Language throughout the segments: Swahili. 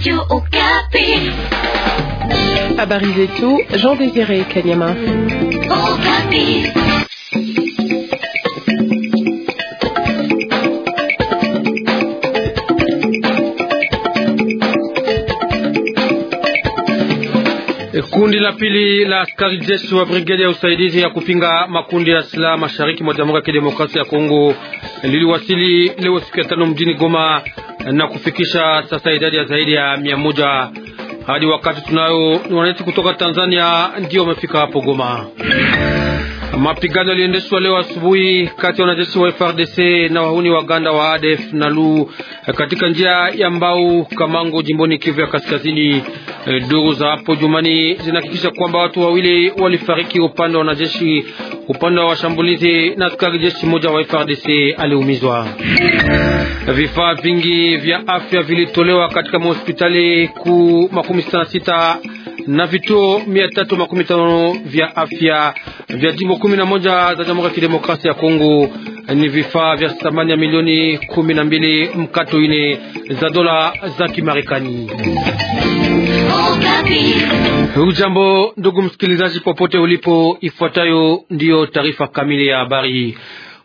Radio Okapi. Habari zetu Jean Désiré Kanyama. Okapi. Kundi la pili la askari jeshi wa brigedi ya usaidizi ya kupinga makundi ya silaha mashariki mwa Jamhuri ya Kidemokrasia ya Kongo liliwasili leo siku ya tano mjini Goma na kufikisha sasa idadi ya zaidi ya mia moja. Hadi wakati tunayo wananchi kutoka Tanzania ndio wamefika hapo Goma. Mapigano yaliendeshwa leo asubuhi kati ya wanajeshi wa FRDC na wahuni waganda wa ADF na lu katika njia ya Mbau Kamango, jimboni Kivu ya Kaskazini. Eh, Duru za hapo Jumani zinahakikisha kwamba watu wawili walifariki upande wa wanajeshi, upande wa washambulizi na askari jeshi mmoja wa frdc aliumizwa. Vifaa vingi vya afya vilitolewa katika mahospitali kuu makumi sita na vituo 315 vya afya vya jimbo 11 za Jamhuri ya Kidemokrasia ya Kongo ni vifaa vya thamani ya milioni kumi na mbili mkato ine za dola za Kimarekani. ujambo ndugu msikilizaji, popote ulipo, ifuatayo ndiyo taarifa kamili ya habari.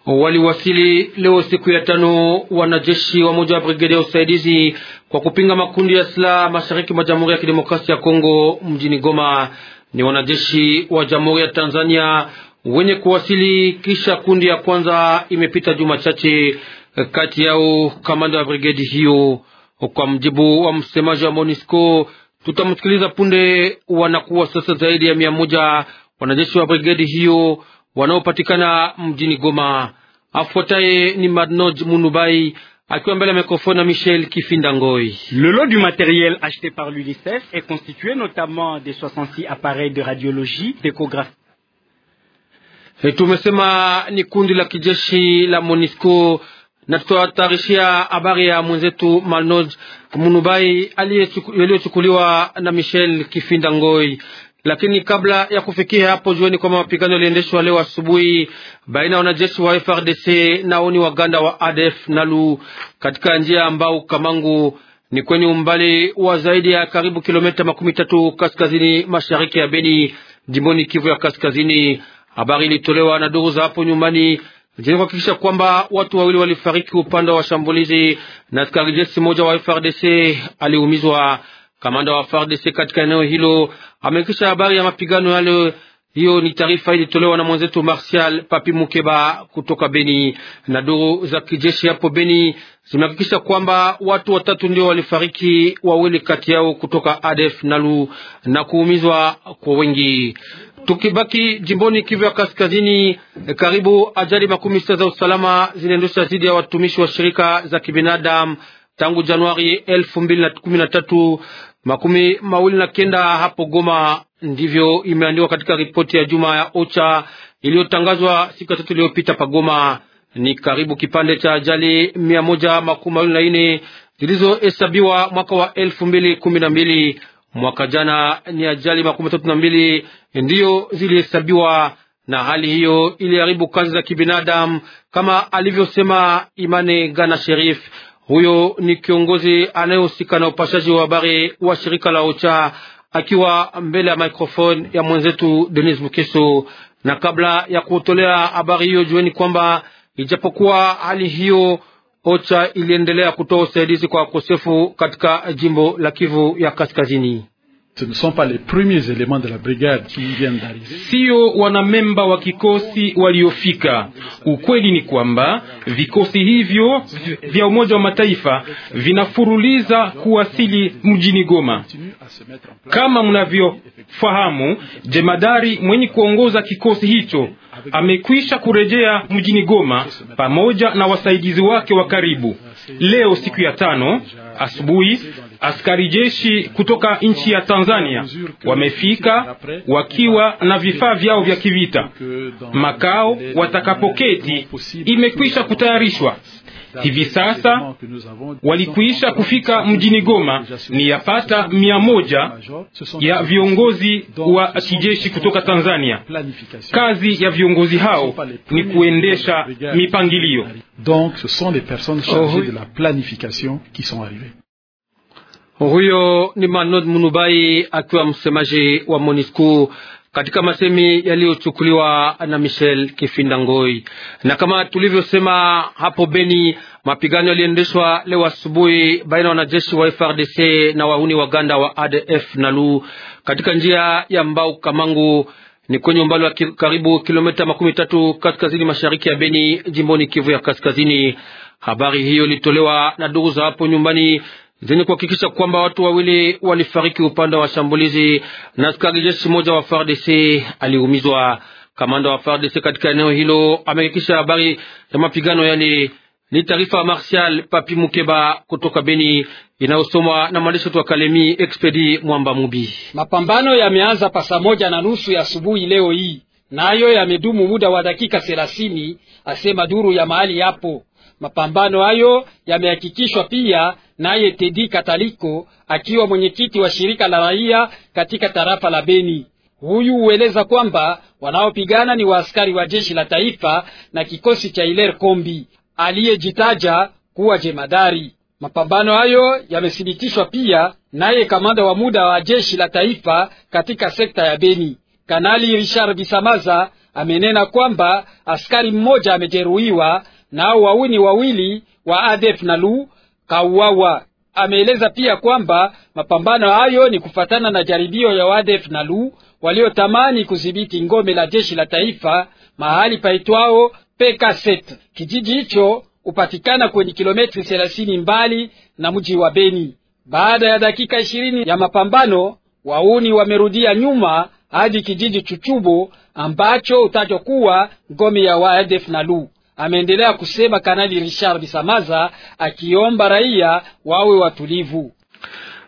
Waliwasili leo siku ya tano wanajeshi wa moja wa brigedi ya usaidizi kwa kupinga makundi ya silaha mashariki mwa Jamhuri ya Kidemokrasia ya Kongo mjini Goma. Ni wanajeshi wa Jamhuri ya Tanzania wenye kuwasili kisha kundi ya kwanza imepita juma chache eh, kati yao kamanda wa brigedi hiyo. Kwa mjibu wa msemaji wa MONUSCO, tutamsikiliza punde. Wanakuwa sasa zaidi ya mia moja wanajeshi wa brigedi hiyo wanaopatikana mjini Goma. Afuataye ni Madnoj Munubai akiwa mbele ya mikrofoni na Michel Kifinda Ngoi. Le lot du matériel acheté par l'UNICEF est constitué notamment de 66 appareils de radiologie, d'échographie Eh, tumesema ni kundi la kijeshi la MONUSCO na tutawatarishia habari ya mwenzetu Malnoj Munubai yaliyochukuliwa na Michel Kifinda Ngoi. Lakini kabla ya kufikia hapo, jueni kwamba mapigano yaliendeshwa leo asubuhi baina ya wanajeshi wa FRDC na oni waganda wa ADF Nalu katika njia ambao Kamangu ni kwenye umbali wa zaidi ya karibu kilomita makumi tatu kaskazini mashariki ya Beni, jimboni Kivu ya kaskazini. Habari ilitolewa na duru za hapo nyumbani jeni kuhakikisha kwamba watu wawili walifariki upande wa shambulizi na askari jeshi moja wa FRDC aliumizwa. Kamanda wa FRDC katika eneo hilo amekisha habari ya mapigano yale hiyo ni taarifa ilitolewa na mwenzetu Martial Papi Mukeba kutoka Beni. Na duru za kijeshi hapo Beni zimehakikisha kwamba watu watatu ndio walifariki, wawili kati yao kutoka ADF Nalu na kuumizwa kwa wengi. Tukibaki jimboni Kivu ya Kaskazini, karibu ajali makumi sita za usalama ziliendesha dhidi ya watumishi wa shirika za kibinadamu tangu Januari elfu mbili na kumi na tatu makumi mawili na kenda hapo Goma Ndivyo imeandikwa katika ripoti ya juma ya OCHA iliyotangazwa siku ya tatu iliyopita pagoma. Ni karibu kipande cha ajali mia moja makumi mawili na nne zilizohesabiwa mwaka wa elfu mbili kumi na mbili. Mwaka jana ni ajali makumi tatu na mbili ndiyo zilihesabiwa, na hali hiyo iliharibu kazi za kibinadamu kama alivyosema Imane Gana Sherif. Huyo ni kiongozi anayehusika na upashaji wa habari wa shirika la OCHA akiwa mbele ya microphone ya mwenzetu Denis Mukeso. Na kabla ya kutolea habari hiyo, jueni kwamba ijapokuwa hali hiyo, OCHA iliendelea kutoa usaidizi kwa wakosefu katika jimbo la Kivu ya Kaskazini. Sio wanamemba wa kikosi waliofika. Ukweli ni kwamba vikosi hivyo vya Umoja wa Mataifa vinafuruliza kuwasili mjini Goma. Kama mnavyofahamu, jemadari mwenye kuongoza kikosi hicho amekwisha kurejea mjini Goma pamoja na wasaidizi wake wa karibu. Leo siku ya tano asubuhi askari jeshi kutoka nchi ya Tanzania wamefika wakiwa na vifaa vyao vya kivita. Makao watakapoketi imekwisha kutayarishwa. Hivi sasa walikuisha kufika mjini Goma, ni yapata mia moja ya viongozi wa kijeshi kutoka Tanzania. Kazi ya viongozi hao ni kuendesha mipangilio. Donc ce sont les personnes chargées oh de la planification qui sont arrivées. Huyo ni Manod Munubai akiwa msemaji wa Monisco katika masemi yaliyochukuliwa na Michel Kifinda Ngoi. Na kama tulivyosema hapo Beni, mapigano yaliendeshwa leo asubuhi baina wanajeshi wa FRDC na wahuni waganda wa ADF Nalu katika njia ya Mbau Kamangu ni kwenye umbali wa karibu kilomita makumi tatu kaskazini mashariki ya Beni, jimboni Kivu ya Kaskazini. Habari hiyo ilitolewa na ndugu za hapo nyumbani zenye kuhakikisha kwamba watu wawili walifariki upande wa shambulizi na askari jeshi moja wa FARDC aliumizwa. Kamanda wa FARDC katika eneo hilo amehakikisha habari ya mapigano yale. Ni taarifa Martial Papi Mukeba kutoka Beni inayosomwa na mwandishi wetu wa Kalemi Expedi Mwamba Mubi. Mapambano yameanza pasa moja na nusu ya asubuhi leo hii, nayo yamedumu muda wa dakika thelathini, asema duru ya mahali yapo Mapambano hayo yamehakikishwa pia naye Tedi Kataliko, akiwa mwenyekiti wa shirika la raia katika tarafa la Beni. Huyu hueleza kwamba wanaopigana ni waaskari wa jeshi la taifa na kikosi cha Iler Kombi aliyejitaja kuwa jemadari. Mapambano hayo yamethibitishwa pia naye kamanda wa muda wa jeshi la taifa katika sekta ya Beni, Kanali Richard Bisamaza amenena kwamba askari mmoja amejeruhiwa nao wauni wawili wa ADF na lu kauawa. Ameeleza pia kwamba mapambano hayo ni kufatana na jaribio ya ADF na lu waliotamani kudhibiti ngome la jeshi la taifa mahali paitwao PK7. Kijiji hicho upatikana kwenye kilometri 30 mbali na mji wa Beni. Baada ya dakika ishirini ya mapambano, wauni wamerudia nyuma hadi kijiji Chuchubo ambacho kuwa ngome ya ADF na lu Ameendelea kusema Kanali Richard Bisamaza akiomba raia wawe watulivu.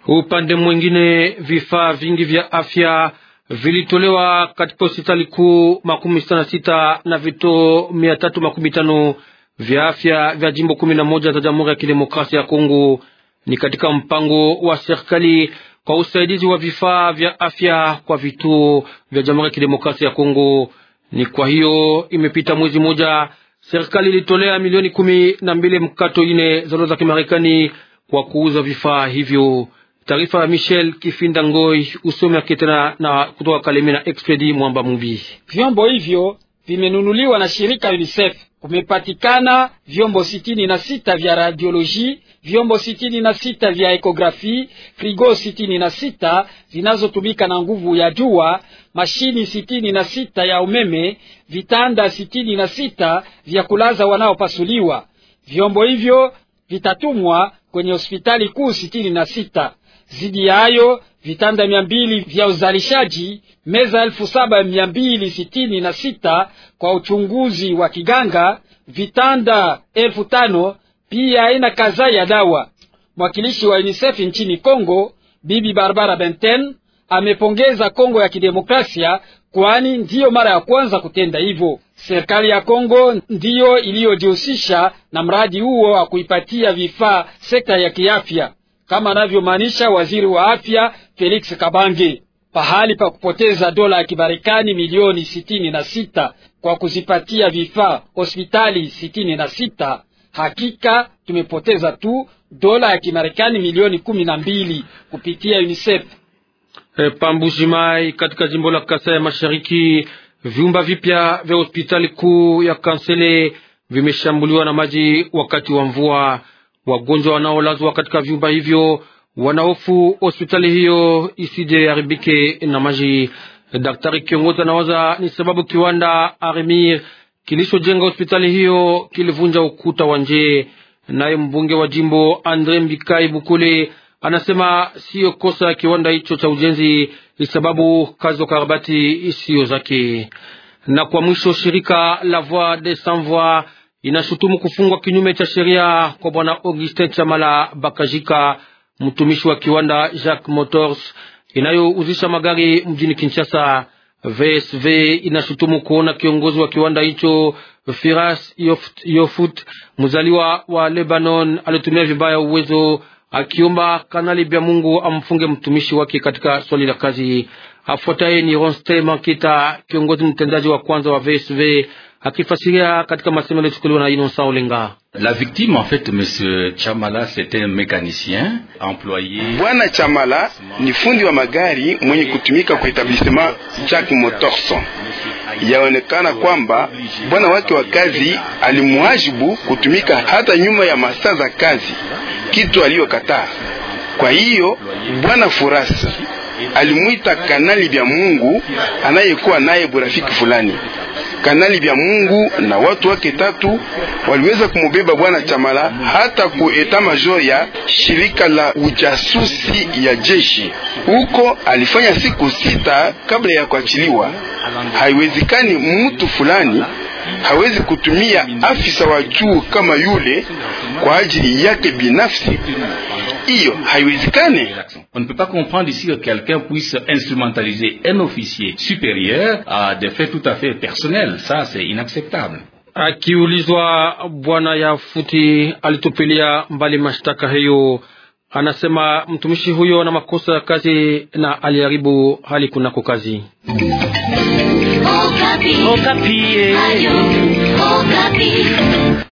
Upande mwingine, vifaa vingi vya afya vilitolewa katika hospitali kuu makumi sita na sita na vituo mia tatu makumi tano vya afya vya jimbo kumi na moja za Jamhuri ya Kidemokrasia ya Kongo. Ni katika mpango wa serikali kwa usaidizi wa vifaa vya afya kwa vituo vya Jamhuri ya Kidemokrasia ya Kongo. Ni kwa hiyo imepita mwezi mmoja Serikali ilitolea milioni kumi na mbili mkato ine za dola za Kimarekani kwa kuuza vifaa hivyo. Taarifa ya Michel Kifinda Ngoi usomi akitena na kutoka kalemi na Expedi Mwamba Mubi. Vyombo hivyo vimenunuliwa na shirika UNICEF kumepatikana vyombo sitini na sita vya radioloji, vyombo sitini na sita vya ekografi, frigo sitini na sita zinazotumika na nguvu ya jua, mashini sitini na sita ya umeme, vitanda sitini na sita vya kulaza wanaopasuliwa. Vyombo hivyo vitatumwa kwenye hospitali kuu sitini na sita. Zidi yayo vitanda mia mbili vya uzalishaji, meza elfu saba mia mbili sitini na sita kwa uchunguzi wa kiganga, vitanda elfu tano pia aina kadhaa ya dawa. Mwakilishi wa UNICEF nchini congo Bibi Barbara Benten amepongeza Kongo ya Kidemokrasia kwani ndiyo mara ya kwanza kutenda hivyo. Serikali ya Kongo ndiyo iliyojihusisha na mradi huo wa kuipatia vifaa sekta ya kiafya kama anavyomaanisha waziri wa afya Felix Kabange. Pahali pa kupoteza dola ya Kimarekani milioni sitini na sita kwa kuzipatia vifaa hospitali sitini na sita hakika tumepoteza tu dola ya Kimarekani milioni kumi na mbili kupitia UNICEF. E, Pambushimai katika jimbo la Kasai ya Mashariki, vyumba vipya vya hospitali kuu ya Kansele vimeshambuliwa na maji wakati wa mvua. Wagonjwa wanaolazwa katika vyumba hivyo wanaofu hospitali hiyo isije haribike na maji. Daktari kiongozi anawaza ni sababu kiwanda Armir kilichojenga hospitali hiyo kilivunja ukuta wa nje. Naye mbunge wa jimbo Andre Mbikai Bukule anasema siyo kosa ya kiwanda hicho cha ujenzi, sababu kazi za ukarabati isiyo zake. Na kwa mwisho shirika la Voix des Sans Voix inashutumu kufungwa kinyume cha sheria kwa bwana Augustin Chamala Bakajika, mtumishi wa kiwanda Jacques Motors inayouzisha magari mjini Kinshasa. VSV inashutumu kuona kiongozi wa kiwanda hicho Firas Yofut, mzaliwa wa Lebanon, alitumia vibaya uwezo, akiomba Kanali Bya Mungu amfunge mtumishi wake katika swali la kazi. Afuataye ni Ronste Makita, kiongozi mtendaji wa kwanza wa VSV akifasiria katika masemo yaliyochukuliwa na Inosa Olenga. La victime en fait monsieur Chamala c'était un mécanicien employé. Bwana Chamala ni fundi wa magari mwenye kutumika kwa etablissement Jack Motorson. Yaonekana kwamba bwana wake wa kazi alimwajibu kutumika hata nyuma ya masaa za kazi, kitu aliyokataa. Kwa hiyo bwana Furasa alimwita kanali bya Mungu anayekuwa naye burafiki fulani kanali vya Mungu na watu wake tatu waliweza kumubeba bwana Chamala hata ku eta major ya shirika la ujasusi ya jeshi. Huko alifanya siku sita kabla ya kuachiliwa. Haiwezekani mtu fulani hawezi kutumia afisa wa juu kama yule kwa ajili yake binafsi hiyo haiwezekani. On ne peut pas comprendre ici que quelqu'un puisse instrumentaliser un officier supérieur à des faits tout à fait personnels. Ça, c'est inacceptable. Akiulizwa, bwana Yafuti alitupilia mbali mashtaka hiyo. Anasema mtumishi huyo na makosa ya kazi na aliharibu hali kunako kazi. Okapi. Okapi. Okapi.